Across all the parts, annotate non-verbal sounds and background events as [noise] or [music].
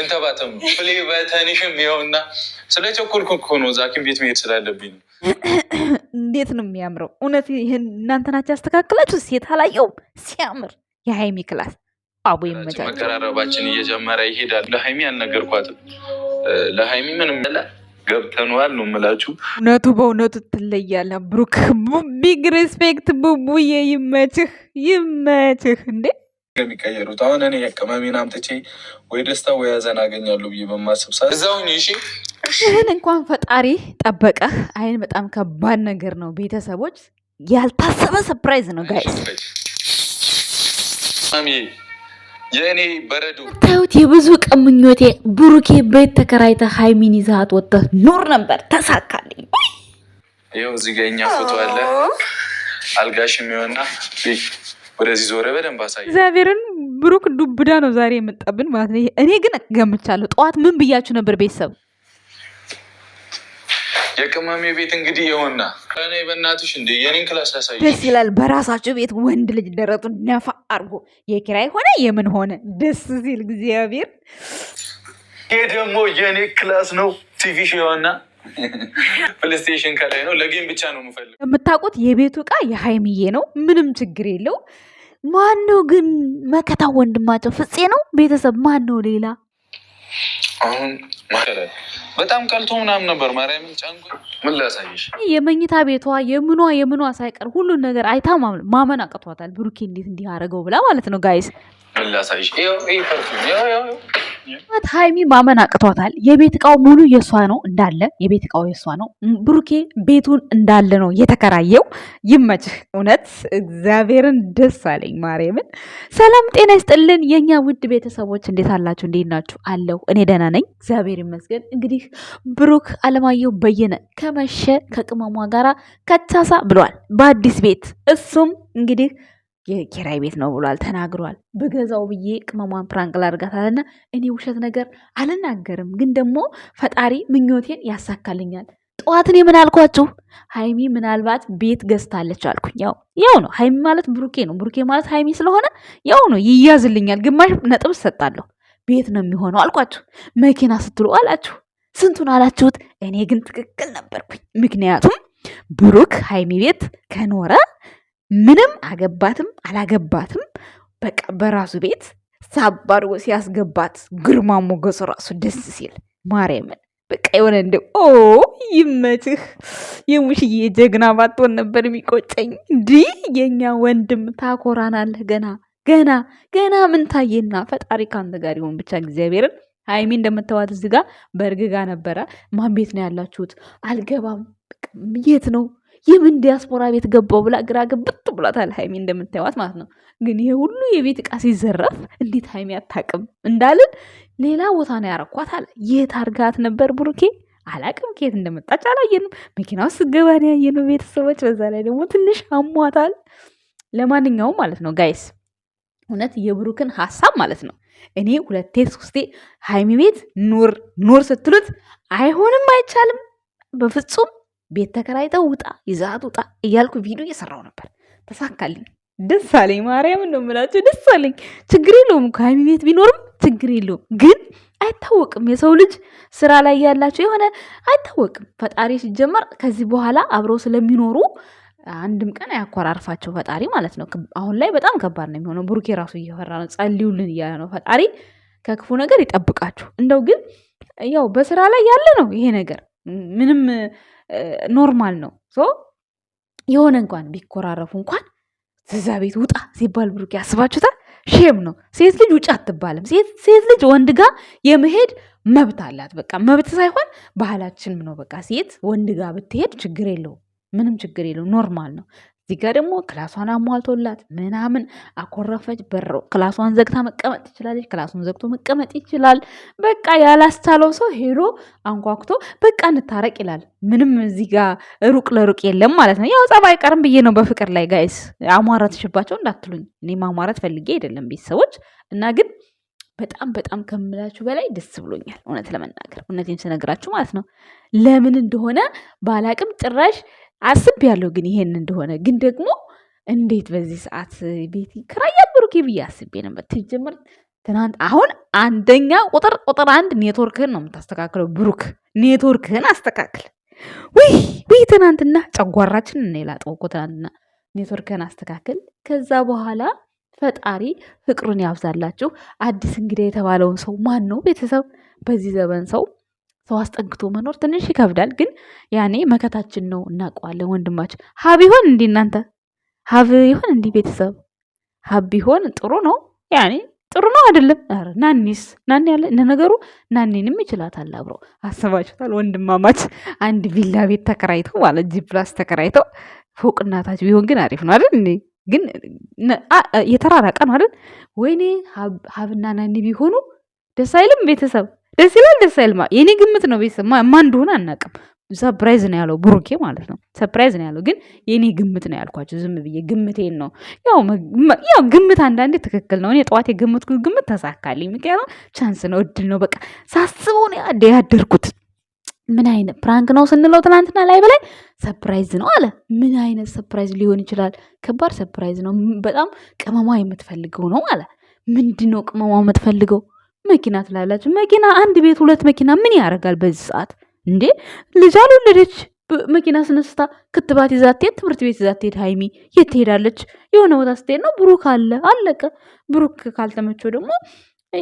እንተባተም ፍሌ በተንሽም ይኸውና፣ ስለ ቸኮልኩ እኮ ነው። እዛ ሐኪም ቤት መሄድ ስላለብኝ ነው። እንዴት ነው የሚያምረው! እውነት ይህን እናንተ ናችሁ ያስተካክላችሁ። ሴት አላየውም ሲያምር የሀይሚ ክላስ አቦ ይመጫል። መቀራረባችን እየጀመረ ይሄዳል። ለሀይሚ አልነገርኳትም። ለሀይሚ ምንም ገብተነዋል ነው የምላችሁ። እውነቱ በእውነቱ ትለያለ። ብሩክ ቢግ ሬስፔክት ቡቡዬ፣ ይመችህ ይመችህ እንዴ የሚቀየሩት አሁን እኔ ቅመሜን አምጥቼ ወይ ደስታ ወይ ያዘን አገኛለሁ ብዬ በማስብ በማሰብ እዛውን ይህን እንኳን ፈጣሪ ጠበቀ። አይን በጣም ከባድ ነገር ነው። ቤተሰቦች ያልታሰበ ሰፕራይዝ ነው ጋይስ። የእኔ በረዶ ታዩት። የብዙ ቀን ምኞቴ ብሩኬ ቤት ተከራይተ ሀይሚን ይዛት ወጥተ ኑር ነበር፣ ተሳካልኝ። ይኸው እዚህ ጋ የእኛ ፎቶ አለ አልጋሽ የሚሆና ወደዚህ ዞረ በደንብ አሳየ። እግዚአብሔርን ብሩክ ዱብዳ ነው ዛሬ የመጣብን ማለት ነው። እኔ ግን ገምቻለሁ። ጠዋት ምን ብያችሁ ነበር ቤተሰብ? የቅመሜ ቤት እንግዲህ የሆና እኔ በእናትሽ እንደ የኔን ክላስ ያሳይ ደስ ይላል። በራሳቸው ቤት ወንድ ልጅ ደረቱን ነፋ አርጎ የኪራይ ሆነ የምን ሆነ ደስ ሲል እግዚአብሔር። ይሄ ደግሞ የኔ ክላስ ነው ቲቪሽ የሆና ፕሌስቴሽን ከላይ ነው። ለጌም ብቻ ነው የምፈልገው። የምታውቁት የቤቱ እቃ የሀይምዬ ነው። ምንም ችግር የለው። ማን ነው ግን መከታ? ወንድማቸው ፍፄ ነው። ቤተሰብ ማን ነው ሌላ? አሁን በጣም ቀልቶ ምናምን ነበር። ማርያምን ጫንጎ ምን ላሳይሽ? የመኝታ ቤቷ የምኗ የምኗ ሳይቀር ሁሉን ነገር አይታ ማመን አቅቷታል። ብሩኬ እንዴት እንዲህ አደረገው ብላ ማለት ነው። ጋይስ ምን ላሳይሽ? ሀይሚ ማመን አቅቷታል። የቤት እቃው ሙሉ የእሷ ነው እንዳለ የቤት እቃው የእሷ ነው። ብሩኬ ቤቱን እንዳለ ነው የተከራየው። ይመችህ። እውነት እግዚአብሔርን ደስ አለኝ ማርያምን። ሰላም ጤና ይስጥልን የእኛ ውድ ቤተሰቦች እንዴት አላችሁ? እንዴት ናችሁ? አለው እኔ ደህና ነኝ እግዚአብሔር ይመስገን። እንግዲህ ብሩክ አለማየሁ በየነ ከመሸ ከቅመሟ ጋራ ከቻሳ ብሏል በአዲስ ቤት እሱም እንግዲህ የኪራይ ቤት ነው ብሏል ተናግሯል። ብገዛው ብዬ ቅመሟን ፕራንክ ላድርጋታልና እኔ ውሸት ነገር አልናገርም፣ ግን ደግሞ ፈጣሪ ምኞቴን ያሳካልኛል። ጠዋት እኔ ምን አልኳችሁ? ሀይሚ ምናልባት ቤት ገዝታለች አልኩኝ። ያው ያው ነው ሀይሚ ማለት ብሩኬ ነው፣ ብሩኬ ማለት ሀይሚ ስለሆነ ያው ነው ይያዝልኛል። ግማሽ ነጥብ ሰጣለሁ። ቤት ነው የሚሆነው አልኳችሁ። መኪና ስትሉ አላችሁ። ስንቱን አላችሁት። እኔ ግን ትክክል ነበርኩኝ። ምክንያቱም ብሩክ ሀይሚ ቤት ከኖረ ምንም አገባትም አላገባትም በቃ በራሱ ቤት ሳብ አድርጎ ሲያስገባት ግርማ ሞገሱ ራሱ ደስ ሲል ማርያምን በቃ የሆነ እንደ ኦ ይመችህ የሙሽዬ ጀግና ባትሆን ነበር የሚቆጨኝ። እንዲ የእኛ ወንድም ታኮራናለህ። ገና ገና ገና ምን ታየና፣ ፈጣሪ ካንተ ጋር ይሆን ብቻ እግዚአብሔርን ሀይሚ እንደምታዋት እዚህ ጋር በእርግጋ ነበረ። ማን ቤት ነው ያላችሁት? አልገባም የት ነው የምን ዲያስፖራ ቤት ገባው ብላ ግራ ግብት ብሏታል ሀይሚ እንደምታዩዋት ማለት ነው። ግን ይሄ ሁሉ የቤት እቃ ሲዘረፍ እንዴት ሀይሚ አታቅም እንዳልን ሌላ ቦታ ነው ያረኳት አለ። የት አድርጋት ነበር ብሩኬ? አላቅም ከየት እንደመጣች አላየንም። መኪና ውስጥ ገባ ነው ያየነው ቤተሰቦች። በዛ ላይ ደግሞ ትንሽ አሟታል። ለማንኛውም ማለት ነው ጋይስ እውነት የብሩክን ሀሳብ ማለት ነው እኔ ሁለቴ ሶስቴ ሀይሚ ቤት ኑር ኑር ስትሉት አይሆንም፣ አይቻልም በፍጹም ቤት ተከራይተው ውጣ ይዛት ውጣ እያልኩ ቪዲዮ እየሰራው ነበር። ተሳካልኝ። ደስ አለኝ። ማርያምን ነው የምላቸው፣ ደስ አለኝ። ችግር የለውም ከሀይሚ ቤት ቢኖርም ችግር የለውም። ግን አይታወቅም። የሰው ልጅ ስራ ላይ ያላቸው የሆነ አይታወቅም። ፈጣሪ ሲጀመር ከዚህ በኋላ አብረው ስለሚኖሩ አንድም ቀን አያኮራርፋቸው ፈጣሪ ማለት ነው። አሁን ላይ በጣም ከባድ ነው የሚሆነው። ብሩኬ ራሱ እየፈራ ነው፣ ጸልዩልን እያለ ነው። ፈጣሪ ከክፉ ነገር ይጠብቃችሁ። እንደው ግን ያው በስራ ላይ ያለ ነው ይሄ ነገር ምንም ኖርማል ነው። የሆነ እንኳን ቢኮራረፉ እንኳን ከዛ ቤት ውጣ ሲባል ብሩኬ ያስባችሁታል። ሼም ነው። ሴት ልጅ ውጭ አትባልም። ሴት ልጅ ወንድ ጋር የመሄድ መብት አላት። በቃ መብት ሳይሆን ባህላችንም ነው። በቃ ሴት ወንድ ጋር ብትሄድ ችግር የለውም፣ ምንም ችግር የለውም፣ ኖርማል ነው። እዚህ ጋር ደግሞ ክላሷን አሟልቶላት ምናምን አኮረፈች። በረው ክላሷን ዘግታ መቀመጥ ትችላለች። ክላሱን ዘግቶ መቀመጥ ይችላል። በቃ ያላስቻለው ሰው ሄዶ አንኳኩቶ በቃ እንታረቅ ይላል። ምንም እዚህ ጋር ሩቅ ለሩቅ የለም ማለት ነው። ያው ጸባይ ቀርም ብዬ ነው በፍቅር ላይ ጋይስ። አሟራትሽባቸው እንዳትሉኝ እኔ ማሟራት ፈልጌ አይደለም ቤተሰቦች እና ግን በጣም በጣም ከምላችሁ በላይ ደስ ብሎኛል። እውነት ለመናገር እውነቴን ስነግራችሁ ማለት ነው። ለምን እንደሆነ ባላቅም ጭራሽ አስብ ያለው ግን ይሄን እንደሆነ ግን ደግሞ እንዴት በዚህ ሰዓት ቤት ይከራያል ብሩኬ ብዬ አስቤ ነበር። ትጀምር ትናንት አሁን አንደኛ ቁጥር ቁጥር አንድ ኔትወርክህን ነው የምታስተካክለው። ብሩክ ኔትወርክህን አስተካክል። ውይ ውይ ትናንትና ጨጓራችን እና የላጠው እኮ ትናንትና ኔትወርክህን አስተካክል። ከዛ በኋላ ፈጣሪ ፍቅሩን ያብዛላችሁ። አዲስ እንግዲህ የተባለውን ሰው ማን ነው ቤተሰብ በዚህ ዘመን ሰው ሰው አስጠግቶ መኖር ትንሽ ይከብዳል፣ ግን ያኔ መከታችን ነው። እናውቀዋለን። ወንድማችን ሀብ ይሆን እንዲ እናንተ ሀብ ይሆን እንዲ ቤተሰብ ሀብ ቢሆን ጥሩ ነው። ያኔ ጥሩ ነው አይደለም? ኧረ ናኒስ ናኒ ያለ እነ ነገሩ ናኒንም ይችላታል። አብረው አስባችሁታል? ወንድማማች አንድ ቪላ ቤት ተከራይተው ማለት ጂ ፕላስ ተከራይተው ፎቅና ቢሆን ግን አሪፍ ነው አይደል? እንዴ ግን የተራራቀ ነው አይደል? ወይኔ ሀብና ናኒ ቢሆኑ ደስ አይልም ቤተሰብ ደስ ይላል። ደስ አይልማ? የኔ ግምት ነው። ቤተሰብ ማ እንደሆነ አናውቅም። ሰፕራይዝ ነው ያለው ብሩኬ ማለት ነው። ሰርፕራይዝ ነው ያለው ግን የኔ ግምት ነው ያልኳቸው። ዝም ብዬ ግምቴን ነው ያው ያው ግምት አንዳንዴ ትክክል ነው። እኔ ጠዋት የገመትኩት ግምት ተሳካልኝ። ምክንያቱም ቻንስ ነው፣ እድል ነው። በቃ ሳስበው ነው ያደርኩት። ምን አይነት ፕራንክ ነው ስንለው ትናንትና ላይ በላይ ሰፕራይዝ ነው አለ። ምን አይነት ሰፕራይዝ ሊሆን ይችላል? ከባድ ሰርፕራይዝ ነው። በጣም ቅመሟ የምትፈልገው ነው አለ። ምንድን ነው ቅመሟ የምትፈልገው? መኪና ትላላችሁ። መኪና አንድ ቤት ሁለት መኪና ምን ያደርጋል በዚህ ሰዓት እንዴ? ልጅ አልወለደች መኪና ስነስታ ክትባት ይዛ ትሄድ፣ ትምህርት ቤት ይዛ ትሄድ። ሀይሚ የት ትሄዳለች? የሆነ ቦታ ስትሄድ ነው። ብሩክ አለ አለቀ። ብሩክ ካልተመቸው ደግሞ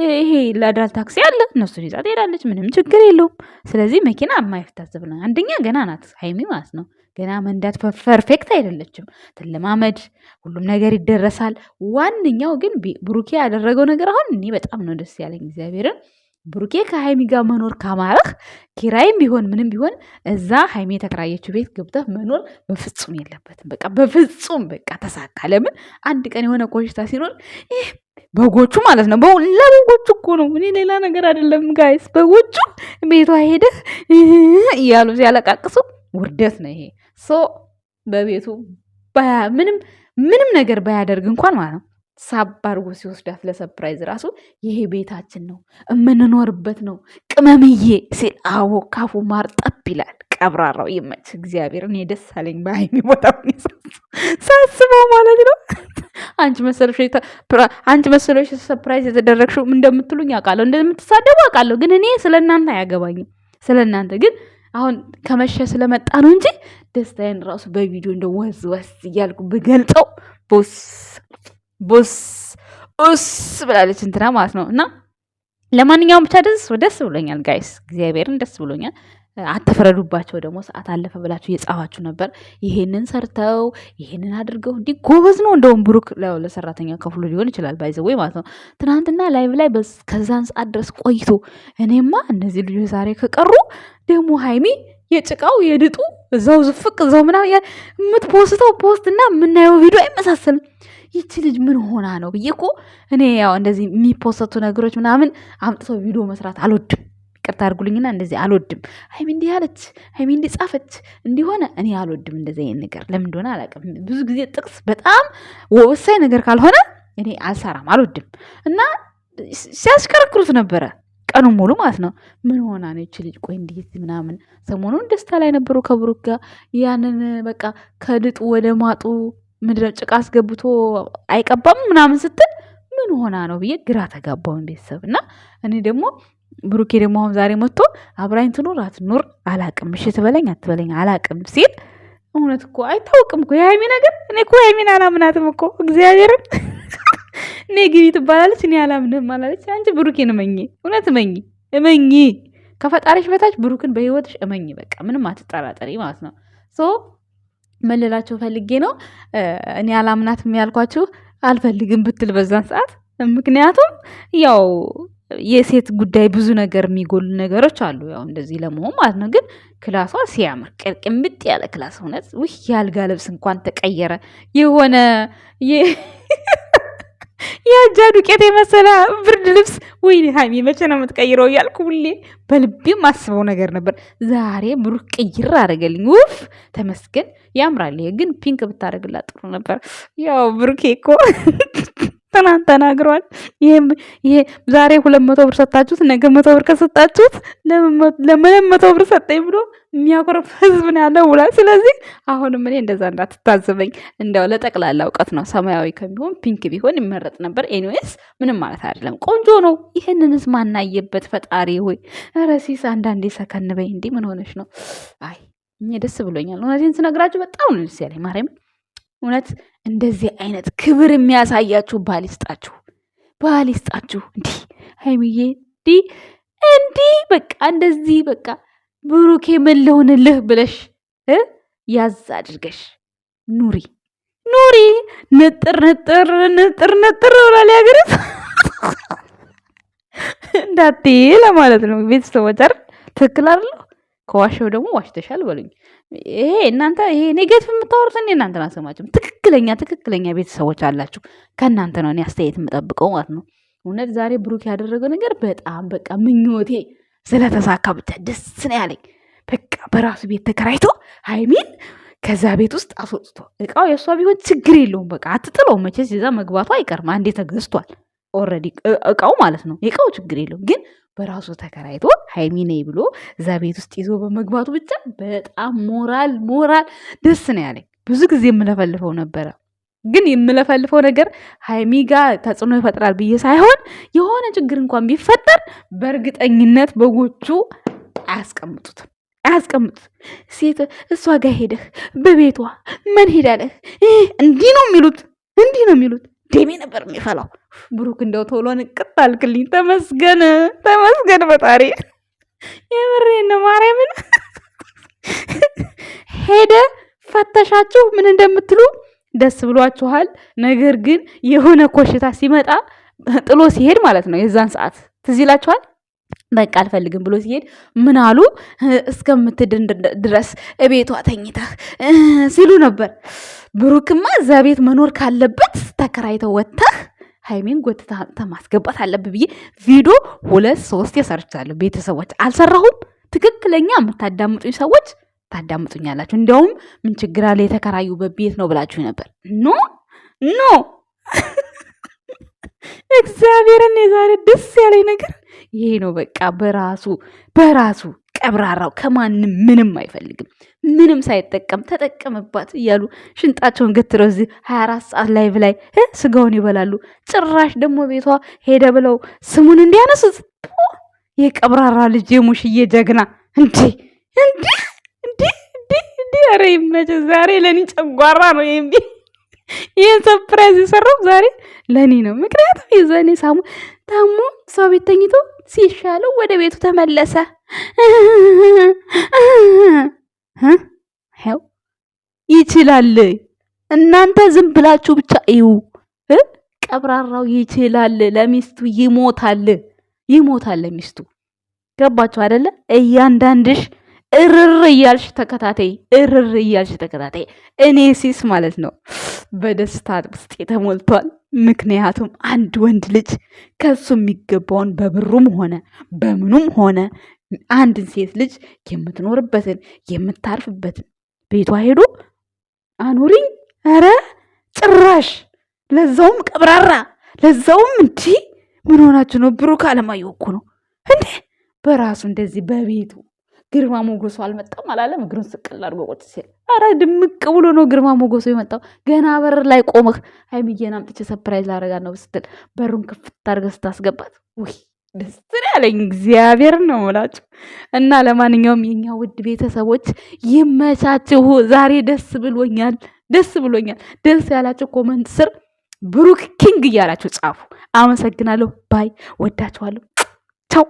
ይሄ ለአድራል ታክሲ አለ እነሱን ይዛ ትሄዳለች። ምንም ችግር የለውም። ስለዚህ መኪና የማይፍታዘብ ነው። አንደኛ ገና ናት ሀይሚ ማለት ነው። ገና መንዳት ፐርፌክት አይደለችም። ትለማመድ፣ ሁሉም ነገር ይደረሳል። ዋነኛው ግን ብሩኬ ያደረገው ነገር አሁን እኔ በጣም ነው ደስ ያለኝ እግዚአብሔርን ብሩኬ ከሀይሚ ጋር መኖር ካማረህ ኪራይም ቢሆን ምንም ቢሆን እዛ ሀይሚ የተከራየችው ቤት ገብተህ መኖር በፍጹም የለበትም። በቃ በፍጹም በቃ ተሳካ። ለምን አንድ ቀን የሆነ ኮሽታ ሲኖር ይህ በጎቹ ማለት ነው። ለበጎቹ እኮ ነው። እኔ ሌላ ነገር አይደለም ጋይስ። በጎቹ ቤቷ ሄደህ እያሉ ሲያለቃቅሱ ውርደት ነው ይሄ። ሶ በቤቱ ምንም ምንም ነገር ባያደርግ እንኳን ማለት ነው ሳብ አድርጎ ሲወስዳት ለሰፕራይዝ ራሱ ይሄ ቤታችን ነው የምንኖርበት ነው ቅመምዬ ሲል አዎ ካፉ ማር ጠብ ይላል። ቀብራራው ይመች እግዚአብሔር። እኔ ደስ አለኝ በሀይሚ ቦታ ሳስበው ማለት ነው። አንቺ መሰለሽ አንቺ መሰለሽ ሰርፕራይዝ የተደረግሽው እንደምትሉኝ አውቃለሁ፣ እንደምትሳደቡ አውቃለሁ። ግን እኔ ስለ እናንተ አያገባኝም። ስለ እናንተ ግን አሁን ከመሸ ስለመጣ ነው እንጂ ደስታዬን ራሱ በቪዲዮ እንደ ወዝ ወዝ እያልኩ ብገልጠው ቦስ ቦስ ኡስ ብላለች እንትና ማለት ነው። እና ለማንኛውም ብቻ ደስ ደስ ብሎኛል ጋይስ፣ እግዚአብሔርን ደስ ብሎኛል። አተፈረዱባቸው ደግሞ ሰዓት አለፈ ብላችሁ እየጻፋችሁ ነበር። ይሄንን ሰርተው ይሄንን አድርገው እንዲህ ጎበዝ ነው። እንደውም ብሩክ ለሰራተኛ ከፍሎ ሊሆን ይችላል ባይዘወይ ማለት ነው። ትናንትና ላይቭ ላይ ከዛን ሰዓት ድረስ ቆይቶ እኔማ እነዚህ ልጆች ዛሬ ከቀሩ ደግሞ ሀይሚ የጭቃው የድጡ እዛው ዝፍቅ እዛው ምና የምትፖስተው ፖስት እና የምናየው ቪዲዮ አይመሳሰልም። ይቺ ልጅ ምን ሆና ነው ብዬ እኮ እኔ ያው እንደዚህ የሚፖሰቱ ነገሮች ምናምን አምጥተው ቪዲዮ መስራት አልወድም። ቅርታ አድርጉልኝና እንደዚህ አልወድም። ሀይሚ እንዲህ አለች፣ ሀይሚ እንዲህ ጻፈች፣ እንዲሆነ እኔ አልወድም እንደዚህ አይነት ነገር። ለምን እንደሆነ አላውቅም። ብዙ ጊዜ ጥቅስ በጣም ወሳኝ ነገር ካልሆነ እኔ አልሰራም፣ አልወድም እና ሲያሽከረክሩት ነበረ ቀኑን ሙሉ ማለት ነው። ምን ሆና ነው ይች ልጅ? ቆይ እንዴት ምናምን። ሰሞኑን ደስታ ላይ ነበሩ ከብሩክ ጋር ያንን በቃ ከድጡ ወደ ማጡ ምድረ ጭቃ አስገብቶ አይቀባም ምናምን ስትል ምን ሆና ነው ብዬ ግራ ተጋባውን ቤተሰብ እና እኔ ደግሞ ብሩኬ ደግሞ አሁን ዛሬ መጥቶ አብራኝ ትኑር አትኑር አላቅም፣ እሺ ትበለኝ አትበለኝ አላቅም ሲል እውነት እኮ አይታወቅም እኮ የሃይሚ ነገር። እኔ እኮ ሃይሚን አላምናትም እኮ እግዚአብሔርን። እኔ ግቢ ትባላለች፣ እኔ አላምንም አላለች። አንቺ ብሩኬን እመኝ፣ እውነት እመኝ፣ እመኝ ከፈጣሪሽ በታች ብሩክን በህይወትሽ እመኝ። በቃ ምንም አትጠራጠሪ ማለት ነው። ሶ መልላቸው ፈልጌ ነው እኔ አላምናትም ያልኳችሁ አልፈልግም ብትል በዛን ሰዓት ምክንያቱም ያው የሴት ጉዳይ ብዙ ነገር የሚጎሉ ነገሮች አሉ። ያው እንደዚህ ለመሆን ማለት ነው። ግን ክላሷ ሲያምር ቅምጥ ያለ ክላስ እውነት ውህ የአልጋ ልብስ እንኳን ተቀየረ። የሆነ የአጃ ዱቄት የመሰለ ብርድ ልብስ ወይ ሀይሚ መቼ ነው የምትቀይረው እያልኩ ሁሌ በልቤ ማስበው ነገር ነበር። ዛሬ ብሩክ ቅይር አደረገልኝ። ውፍ ተመስገን ያምራል። ግን ፒንክ ብታደርግላት ጥሩ ነበር። ያው ብሩኬ እኮ ትናንት ተናግረዋል። ይሄ ዛሬ ሁለት መቶ ብር ሰጣችሁት፣ ነገ መቶ ብር ከሰጣችሁት ለምንም መቶ ብር ሰጠኝ ብሎ የሚያኮርፍ ህዝብ ነው ያለው ውላ። ስለዚህ አሁንም እኔ እንደዛ እንዳትታዘበኝ፣ እንዲያው ለጠቅላላ እውቀት ነው። ሰማያዊ ከሚሆን ፒንክ ቢሆን ይመረጥ ነበር። ኤኒዌይስ ምንም ማለት አይደለም፣ ቆንጆ ነው። ይህንን ህዝብ ማናየበት ፈጣሪ ሆይ ረሲስ አንዳንዴ ሰከንበኝ። እንዲህ ምን ሆነች ነው? አይ እኔ ደስ ብሎኛል። እውነቴን ስነግራችሁ በጣም ነው ደስ ያለኝ ማርያምን እውነት እንደዚህ አይነት ክብር የሚያሳያችሁ ባል ይስጣችሁ፣ ባል ይስጣችሁ። እንዲህ ሀይሚዬ እንዲህ እንዲህ በቃ እንደዚህ በቃ ብሩኬ ምን ልሆንልህ ብለሽ ያዝ አድርገሽ ኑሪ ኑሪ። ንጥር ንጥር ንጥር ንጥር ብላል ያገርት እንዳትዪ ለማለት ነው ቤተሰቦች። ትክክል አይደል? ከዋሸው ደግሞ ዋሽተሻል በሉኝ። ይሄ እናንተ ይሄ ኔጌቲቭ የምታወሩት እኔ እናንተን አልሰማችም። ትክክለኛ ትክክለኛ ቤተሰቦች አላችሁ። ከእናንተ ነው እኔ አስተያየት የምጠብቀው ማለት ነው። እውነት ዛሬ ብሩክ ያደረገው ነገር በጣም በቃ ምኞቴ ስለተሳካ ብቻ ደስ ነው ያለኝ። በቃ በራሱ ቤት ተከራይቶ ሀይሚን ከዛ ቤት ውስጥ አስወጥቶ እቃው የእሷ ቢሆን ችግር የለውም። በቃ አትጥለው መቼስ የዛ መግባቷ አይቀርም። አንዴ ተገዝቷል ኦልሬዲ እቃው ማለት ነው። የእቃው ችግር የለውም ግን በራሱ ተከራይቶ ሀይሚ ነኝ ብሎ እዛ ቤት ውስጥ ይዞ በመግባቱ ብቻ በጣም ሞራል ሞራል ደስ ነው ያለኝ። ብዙ ጊዜ የምለፈልፈው ነበረ፣ ግን የምለፈልፈው ነገር ሀይሚ ጋር ተጽዕኖ ይፈጥራል ብዬ ሳይሆን የሆነ ችግር እንኳን ቢፈጠር በእርግጠኝነት በጎቹ አያስቀምጡትም አያስቀምጡ ሴት እሷ ጋር ሄደህ በቤቷ መን ሄዳለህ እንዲህ ነው የሚሉት እንዲህ ነው የሚሉት ደሜ ነበር የሚፈላው። ብሩክ እንደው ቶሎ ንቅጥ አልክልኝ። ተመስገን ተመስገን ፈጣሪ። የምሬን ነው ማርያምን። ሄደ ፈተሻችሁ ምን እንደምትሉ ደስ ብሏችኋል። ነገር ግን የሆነ ኮሽታ ሲመጣ ጥሎ ሲሄድ ማለት ነው የዛን ሰዓት ትዝ ይላችኋል። በቃ አልፈልግም ብሎ ሲሄድ ምን አሉ እስከምትድን ድረስ እቤቷ ተኝታ ሲሉ ነበር። ብሩክማ እዛ ቤት መኖር ካለበት ተከራይተው ወጥተህ ሀይሜን ጎትታ ማስገባት አለብ ብዬ ቪዲዮ ሁለት ሶስት የሰርቻለሁ። ቤተሰቦች አልሰራሁም። ትክክለኛ የምታዳምጡኝ ሰዎች ታዳምጡኛላችሁ። እንዲያውም ምን ችግር አለ የተከራዩበት ቤት ነው ብላችሁ ነበር። ኖ ኖ [laughs] እግዚአብሔርን የዛሬ ደስ ያለኝ ነገር ይሄ ነው። በቃ በራሱ በራሱ ቀብራራው ከማንም ምንም አይፈልግም። ምንም ሳይጠቀም ተጠቀምባት እያሉ ሽንጣቸውን ገትረው እዚህ ሀያ አራት ሰዓት ላይ ብላይ ስጋውን ይበላሉ። ጭራሽ ደግሞ ቤቷ ሄደ ብለው ስሙን እንዲያነሱት የቀብራራ ልጅ የሙሽዬ ጀግና እንዴ እንዴ እንዴ እንዴ እንዴ! ኧረ ይመችህ። ዛሬ ለእኔ ጨጓራ ነው የሚ ይህን ሰፕራይዝ የሰራው ዛሬ ለእኔ ነው። ምክንያቱም የዛኔ ሳሙ ታሞ ሰው ቤት ተኝቶ ሲሻለው ወደ ቤቱ ተመለሰ። ው ይችላል። እናንተ ዝም ብላችሁ ብቻ እዩ። ቀብራራው ይችላል። ለሚስቱ ይሞታል፣ ይሞታል ለሚስቱ። ገባችሁ አይደለ? እያንዳንድሽ እርር እያልሽ ተከታታይ፣ እርር እያልሽ ተከታታይ። እኔ ሲስ ማለት ነው በደስታ ውስጤ ተሞልቷል። ምክንያቱም አንድ ወንድ ልጅ ከሱ የሚገባውን በብሩም ሆነ በምኑም ሆነ አንድን ሴት ልጅ የምትኖርበትን የምታርፍበትን ቤቷ ሄዶ አኑሪኝ። ኧረ ጭራሽ ለዛውም ቀብራራ፣ ለዛውም እንዲ ምን ሆናችሁ ነው? ብሩክ አለማየሁ እኮ ነው እንዴ! በራሱ እንደዚህ በቤቱ ግርማ ሞገሱ አልመጣም አላለም። እግሩን ስቅል አድርጎ ቁጭ ሲል አረ ድምቅ ብሎ ነው ግርማ ሞገሱ የመጣው። ገና በር ላይ ቆመህ ሀይሚዬን አምጥቼ ሰፕራይዝ ላደርጋት ነው ስትል በሩን ክፍት አድርገህ ስታስገባት ውይ ደስ ያለኝ እግዚአብሔር ነው የምላችሁ። እና ለማንኛውም የኛ ውድ ቤተሰቦች ይመቻችሁ። ዛሬ ደስ ብሎኛል፣ ደስ ብሎኛል። ደስ ያላችሁ ኮመንት ስር ብሩክ ኪንግ እያላችሁ ጻፉ። አመሰግናለሁ። ባይ ወዳችኋለሁ። ቻው